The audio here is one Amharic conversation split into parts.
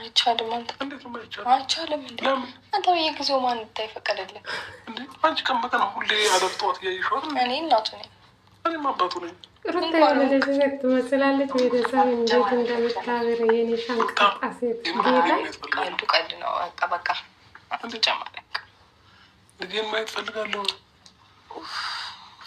አይቻልም። አንተ አይቻልም እንዴ? አንተ በየጊዜው ማን እንታይ ፈቀደልን? አንቺ ቀን በቀን ሁሌ አለብጠዋት እያይሸዋል። እኔ እናቱ ነኝ፣ እኔም አባቱ ነኝ። ሩታ የወለደች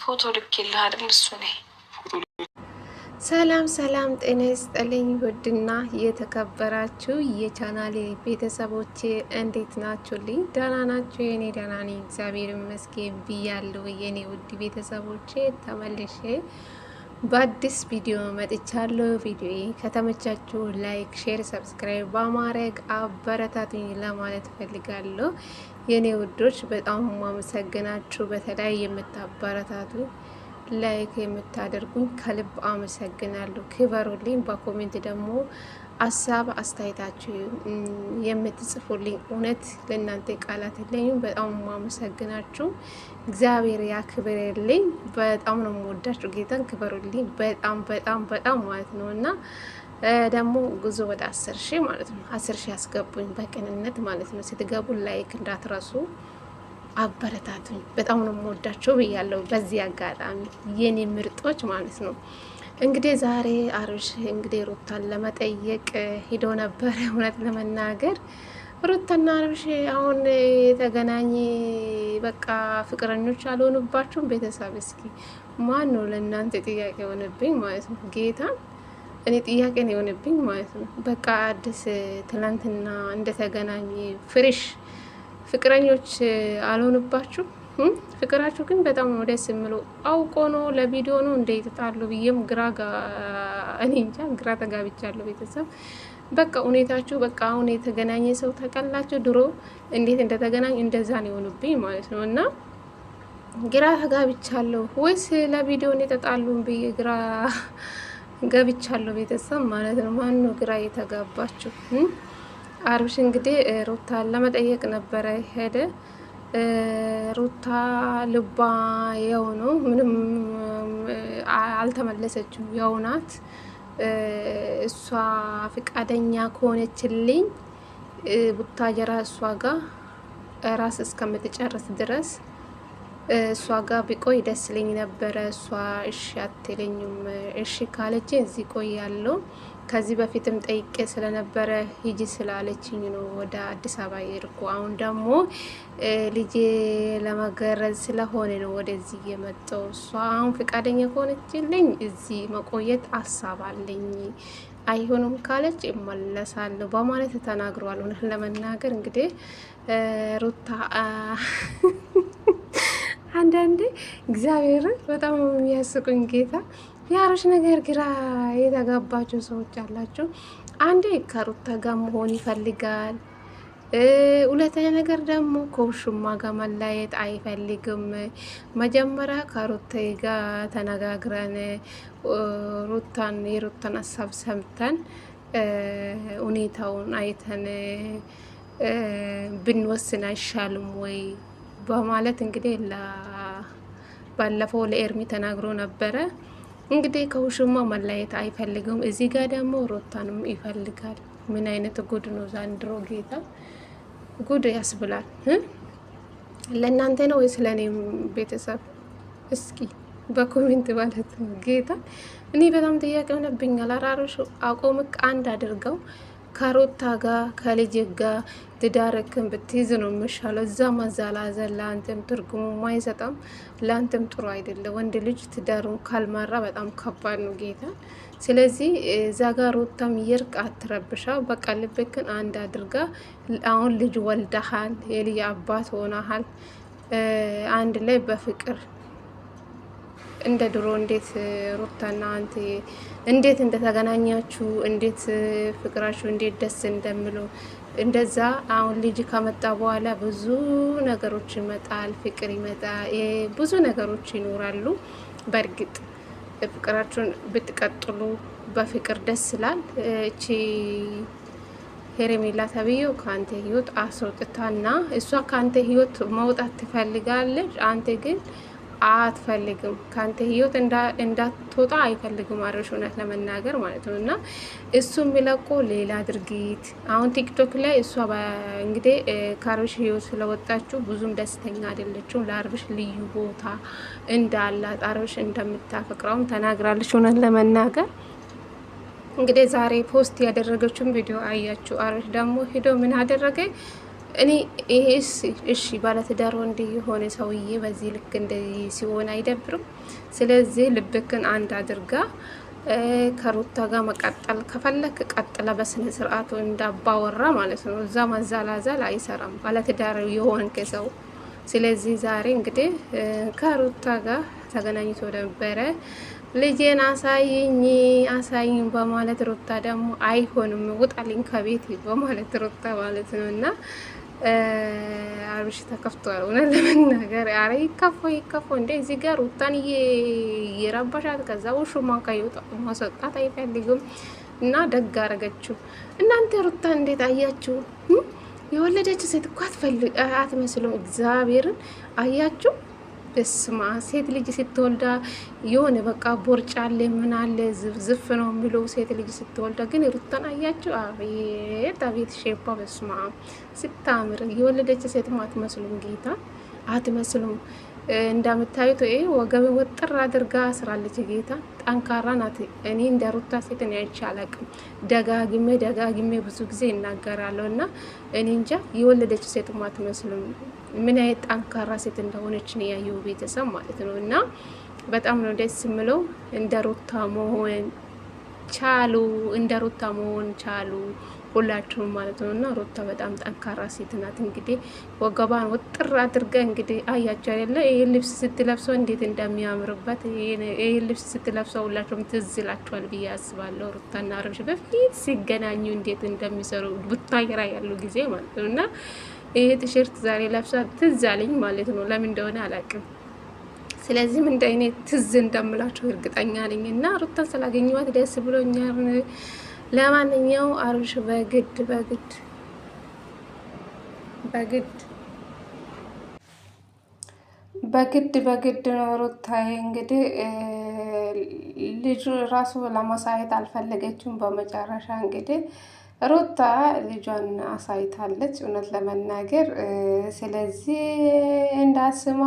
ፎቶ ልክ አይደል? እሱ ነኝ ሰላም ሰላም፣ ጤና ይስጥልኝ ውድና የተከበራችሁ የቻናሌ ቤተሰቦቼ እንዴት ናችሁልኝ? ደህና ናችሁ? የኔ ደህና ነኝ እግዚአብሔር ይመስገን ብያለሁ። የኔ ውድ ቤተሰቦቼ ተመልሼ በአዲስ ቪዲዮ መጥቻለሁ። ቪዲዮ ከተመቻችሁ ላይክ፣ ሼር፣ ሰብስክራይብ በማድረግ አበረታቱኝ ለማለት ፈልጋለሁ። የኔ ውዶች በጣም አመሰግናችሁ በተለይ የምታበረታቱ ላይክ የምታደርጉኝ ከልብ አመሰግናለሁ። ክበሩልኝ። በኮሜንት ደግሞ አሳብ አስተያየታችሁ የምትጽፉልኝ እውነት ለእናንተ ቃላት የለኝም። በጣም ማመሰግናችሁ። እግዚአብሔር ያክብርልኝ። በጣም ነው የምወዳችሁ። ጌታን ክበሩልኝ። በጣም በጣም በጣም ማለት ነው እና ደግሞ ጉዞ ወደ አስር ሺህ ማለት ነው። አስር ሺህ ያስገቡኝ በቅንነት ማለት ነው። ስትገቡ ላይክ እንዳትረሱ አበረታቱኝ። በጣም ነው የምወዳቸው ብያለሁ። በዚህ አጋጣሚ የኔ ምርጦች ማለት ነው። እንግዲህ ዛሬ አብርሽ እንግዲህ ሩታን ለመጠየቅ ሂዶ ነበረ። እውነት ለመናገር ሩታና አብርሽ አሁን የተገናኝ በቃ ፍቅረኞች አልሆኑባቸውም። ቤተሰብ እስኪ ማን ነው ለእናንተ ጥያቄ የሆነብኝ ማለት ነው ጌታ እኔ ጥያቄ ነው የሆነብኝ ማለት ነው። በቃ አዲስ ትላንትና እንደተገናኘ ፍሬሽ ፍቅረኞች አልሆንባችሁ ፍቅራችሁ ግን በጣም ደስ ስምለው አውቆ ነው ለቪዲዮ ነው እንደ የተጣሉ ብዬም ግራ እኔ እንጃ ግራ ተጋብቻለሁ። ቤተሰብ በቃ ሁኔታችሁ በቃ አሁን የተገናኘ ሰው ተቀላቸው ድሮ እንዴት እንደተገናኝ እንደዛ ነው የሆኑብኝ ማለት ነው። እና ግራ ተጋብቻለሁ ወይስ ለቪዲዮ ነው የተጣሉን ብዬ ግራ ገብቻለሁ ቤተሰብ ማለት ነው። ማን ነው ግራ የተጋባችሁ? አብርሽ እንግዲህ ሩታ ለመጠየቅ ነበረ ሄደ። ሩታ ልባ የው ነው፣ ምንም አልተመለሰችም። ያው ናት እሷ ፍቃደኛ ከሆነችልኝ ቡታጀራ እሷ ጋር ራስ እስከምትጨርስ ድረስ እሷ ጋር ቢቆይ ደስ ይለኝ ነበረ። እሷ እሺ አትለኝም። እሺ ካለች እዚህ ቆያለሁ ከዚህ በፊትም ጠይቄ ስለነበረ ሂጂ ስላለችኝ ነው ወደ አዲስ አበባ የሄድኩ። አሁን ደግሞ ልጄ ለመገረዝ ስለሆነ ነው ወደዚህ የመጣው። እሷ አሁን ፈቃደኛ ከሆነችልኝ እዚህ መቆየት ሀሳብ አለኝ። አይሆንም ካለች እመለሳለሁ በማለት ተናግሯል። እውነት ለመናገር እንግዲህ ሩታ አንዳንዴ እግዚአብሔርን በጣም የሚያስቁኝ ጌታ የአብርሽ ነገር ግራ የተጋባችሁ ሰዎች አላችሁ። አንዴ ከሩታ ጋር መሆን ይፈልጋል። ሁለተኛ ነገር ደግሞ ከውሽማ ጋር መለየት አይፈልግም። መጀመሪያ ከሩታ ጋር ተነጋግረን ሩታን የሩታን ሀሳብ ሰምተን ሁኔታውን አይተን ብንወስን አይሻልም ወይ በማለት እንግዲህ ባለፈው ለኤርሚ ተናግሮ ነበረ። እንግዲህ ከውሽማ መለየት አይፈልግም። እዚህ ጋር ደግሞ ሮታንም ይፈልጋል። ምን አይነት ጉድ ነው ዘንድሮ! ጌታ ጉድ ያስብላል። ለእናንተ ነው ወይስ ለእኔ ቤተሰብ? እስኪ በኮሜንት ማለት ነው። ጌታ እኔ በጣም ጥያቄ ሆነብኛል። አራርሽ አቆምክ አንድ አድርገው ከሩታ ጋር ከልጅ ጋር ትዳረክን ብትይዝ ነው የሚሻለው። እዛ መዛላዘን ለአንተም ትርጉሙ አይሰጠም። ለአንተም ጥሩ አይደለም። ወንድ ልጅ ትዳሩን ካልማራ በጣም ከባድ ነው ጌታ። ስለዚህ እዛ ጋር ሩታም ይርቅ፣ አትረብሻ። በቃ ልብክን አንድ አድርጋ አሁን ልጅ ወልደሃል፣ የልጅ አባት ሆናሃል። አንድ ላይ በፍቅር እንደ ድሮ እንዴት ሩታና አንተ እንዴት እንደተገናኛችሁ እንዴት ፍቅራችሁ እንዴት ደስ እንደምሉ እንደዛ አሁን ልጅ ከመጣ በኋላ ብዙ ነገሮች ይመጣል፣ ፍቅር ይመጣል፣ ብዙ ነገሮች ይኖራሉ። በእርግጥ ፍቅራችሁን ብትቀጥሉ በፍቅር ደስ ይላል። እቺ ሄሬሜላ ተብዬው ከአንተ ህይወት አስወጥታና እሷ ከአንተ ህይወት መውጣት ትፈልጋለች። አንተ ግን አትፈልግም ከአንተ ህይወት እንዳትወጣ አይፈልግም። አብርሽ እውነት ለመናገር ማለት ነው እና እሱ ቢለቁ ሌላ ድርጊት አሁን ቲክቶክ ላይ እሷ እንግዲህ ከአብርሽ ህይወት ስለወጣችሁ ብዙም ደስተኛ አይደለችውም ለአብርሽ ልዩ ቦታ እንዳላት አብርሽ እንደምታፈቅረውም ተናግራለች። እውነት ለመናገር እንግዲህ ዛሬ ፖስት ያደረገችውን ቪዲዮ አያችሁ። አብርሽ ደግሞ ሂዶ ምን አደረገ? እኔ ይሄ እሺ ባለትዳር ወንድ የሆነ ሰውዬ በዚህ ልክ እንደዚህ ሲሆን አይደብርም? ስለዚህ ልብክን አንድ አድርጋ ከሩታ ጋር መቀጠል ከፈለክ ቀጥለ በስነ ስርዓቱ እንዳባወራ ማለት ነው። እዛ ማዛላዛል አይሰራም ባለትዳር የሆንክ ሰው። ስለዚህ ዛሬ እንግዲህ ከሩታ ጋር ተገናኝቶ ነበረ። ልጄን አሳይኝ አሳይኝ በማለት ሩታ ደግሞ አይሆንም ውጣልኝ ከቤት በማለት ሩታ ማለት ነው እና አብርሽ ተከፍቷል። እውነት ለመናገር ኧረ ይከፋው ይከፋው። እንዴ! እዚህ ጋር ሩታን እየረበሻት ከዛ ውሹማን ከየወጣ ማስወጣት አይፈልግም እና ደግ አረገችው። እናንተ ሩታን እንዴት አያችሁ? የወለደችው ሴት እኮ አትመስሉም። እግዚአብሔርን አያችሁ በስማ ሴት ልጅ ስትወልዳ የሆነ በቃ ቦርጫ አለ ምን አለ ዝፍ ነው የሚለው ሴት ልጅ ስትወልዳ ግን ሩታን አያቸው አቤት አቤት ሼፓ በስማ ስታምር የወለደች ሴት አትመስሉም፣ ጌታ አትመስሉም። እንደምታዩት ይ ወገብ ወጥር አድርጋ ስራለች። ጌታ ጠንካራ ናት። እኔ እንደ ሩታ ሴት እኔ አይቼ አላቅም። ደጋግሜ ደጋግሜ ብዙ ጊዜ እናገራለሁ እና እኔ እንጃ የወለደች ሴት አትመስሉም። ምን አይነት ጠንካራ ሴት እንደሆነች ነው ያየው ቤተሰብ ማለት ነው። እና በጣም ነው ደስ የምለው። እንደ ሩታ መሆን ቻሉ፣ እንደ ሩታ መሆን ቻሉ ሁላችሁም ማለት ነው። እና ሩታ በጣም ጠንካራ ሴት ናት። እንግዲህ ወገባን ወጥር አድርገ እንግዲህ አያቸው አይደለ? ይህን ልብስ ስትለብሰው እንዴት እንደሚያምርበት ይህን ልብስ ስትለብሰው ሁላችሁም ትዝ ይላችኋል ብዬ አስባለሁ። ሩታና አብርሽ በፊት ሲገናኙ እንዴት እንደሚሰሩ ቡታየራ ያሉ ጊዜ ማለት ነው እና ይሄ ቲሸርት ዛሬ ለብሳ ትዝ አለኝ ማለት ነው። ለምን እንደሆነ አላውቅም። ስለዚህ እንደ እኔ ትዝ እንደምላችሁ እርግጠኛ ነኝ። እና ሩታን ስላገኘኋት ደስ ብሎኛል። ለማንኛው አብርሽ በግድ በግድ በግድ በግድ በግድ ነው እንግዲህ ልጁ ራሱ ለማሳየት አልፈለገችም። በመጨረሻ እንግዲህ ሩታ ልጇን አሳይታለች፣ እውነት ለመናገር ስለዚህ እንዳስማ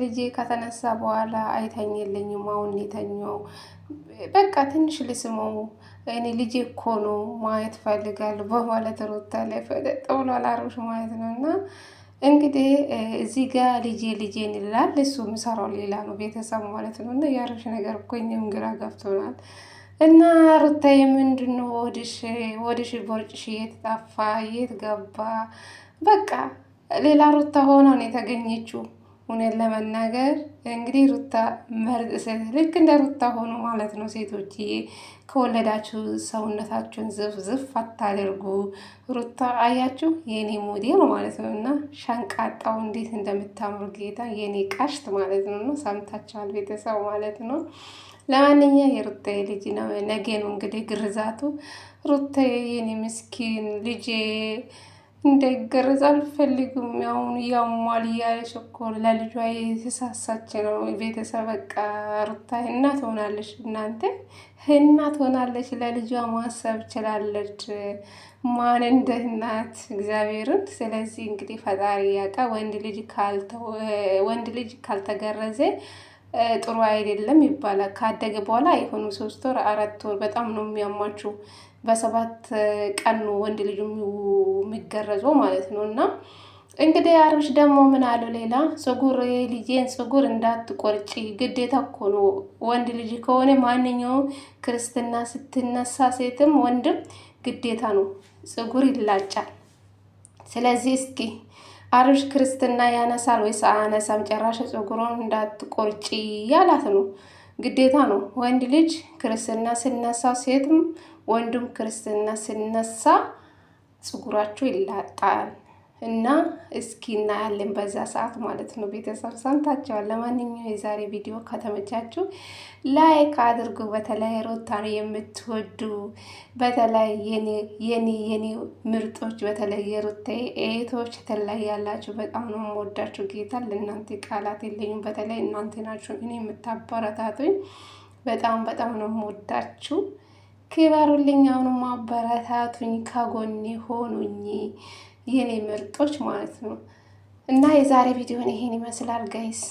ልጄ ከተነሳ በኋላ አይተኝልኝም። አሁን የተኛው በቃ ትንሽ ልስመው እኔ ልጄ እኮ ነው ማየት ፈልጋለሁ በማለት ሩታ ላይ ፈጠጥ ብሎ አላሮሽ ማለት ነው እና እንግዲህ እዚህ ጋ ልጄ ልጄን ይላል እሱ ምሰራው ሌላ ነው ቤተሰብ ማለት ነው እና የአሮሽ ነገር እኮ እኛም ግራ ገብቶናል። እና ሩታዬ ምንድን ነው ወድሽ ወድሽ ቦርጭሽ የት ጠፋ የት ገባ? በቃ ሌላ ሩታ ሆና ነው የተገኘችው። እውነት ለመናገር እንግዲህ ሩታ መርጥ ሴት ልክ እንደ ሩታ ሆኖ ማለት ነው። ሴቶችዬ ከወለዳችሁ ሰውነታችሁን ዝፍ ዝፍ አታደርጉ። ሩታ አያችሁ የኔ ሞዴል ማለት ነው እና ሸንቃጣው እንዴት እንደምታምሩ ጌታ የኔ ቀሽት ማለት ነው። ሰምታችኋል ቤተሰብ ማለት ነው። ለማንኛውም የሩታዬ ልጅ ነው። ነገኑ ነው እንግዲህ ግርዛቱ። ሩታዬ የኔ ምስኪን ልጄ እንዳይገረዝ አልፈልግም። ያሁን ያሟል እያለች እኮ ለልጇ የተሳሳች ነው። ቤተሰብ በቃ ሩታ እናት ሆናለች፣ እናንተ እናት ሆናለች። ለልጇ ማሰብ ችላለች፣ ማን እንደ እናት እግዚአብሔርን። ስለዚህ እንግዲህ ፈጣሪ ያውቃ። ወንድ ልጅ ካልተገረዘ ጥሩ አይደለም ይባላል። ካደገ በኋላ የሆኑ ሶስት ወር አራት ወር በጣም ነው የሚያሟቸው። በሰባት ቀን ወንድ ልጅ የሚገረዘው ማለት ነው። እና እንግዲህ አብርሽ ደግሞ ምን አለው ሌላ ፀጉር ልጄን ፀጉር እንዳትቆርጭ ግዴታ እኮ ነው። ወንድ ልጅ ከሆነ ማንኛውም ክርስትና ስትነሳ ሴትም ወንድም ግዴታ ነው፣ ፀጉር ይላጫል። ስለዚህ እስኪ አብርሽ ክርስትና ያነሳል ወይስ አያነሳም? ጭራሽ ፀጉሯን እንዳትቆርጪ ያላት ነው። ግዴታ ነው። ወንድ ልጅ ክርስትና ስነሳው ሴትም ወንዱም ክርስትና ስነሳ ፀጉራችሁ ይላጣል። እና እስኪ እናያለን በዛ ሰዓት ማለት ነው። ቤተሰብ ሰምታቸዋል። ለማንኛውም የዛሬ ቪዲዮ ከተመቻችሁ ላይክ አድርጉ። በተለይ ሩታን የምትወዱ በተለይ የኔ የኔ ምርጦች በተለይ የሩታ ኤቶች ተለይ ያላችሁ በጣም ነው የምወዳችሁ። ጌታ ለእናንተ ቃላት የለኝም። በተለይ እናንተ ናችሁ እኔ የምታበረታቱኝ። በጣም በጣም ነው የምወዳችሁ። ክበሩልኝ። አሁኑ ማበረታቱኝ፣ ከጎኔ ሆኑኝ። የኔ ምርጦች ማለት ነው። እና የዛሬ ቪዲዮን ይሄን ይመስላል ጋይስ።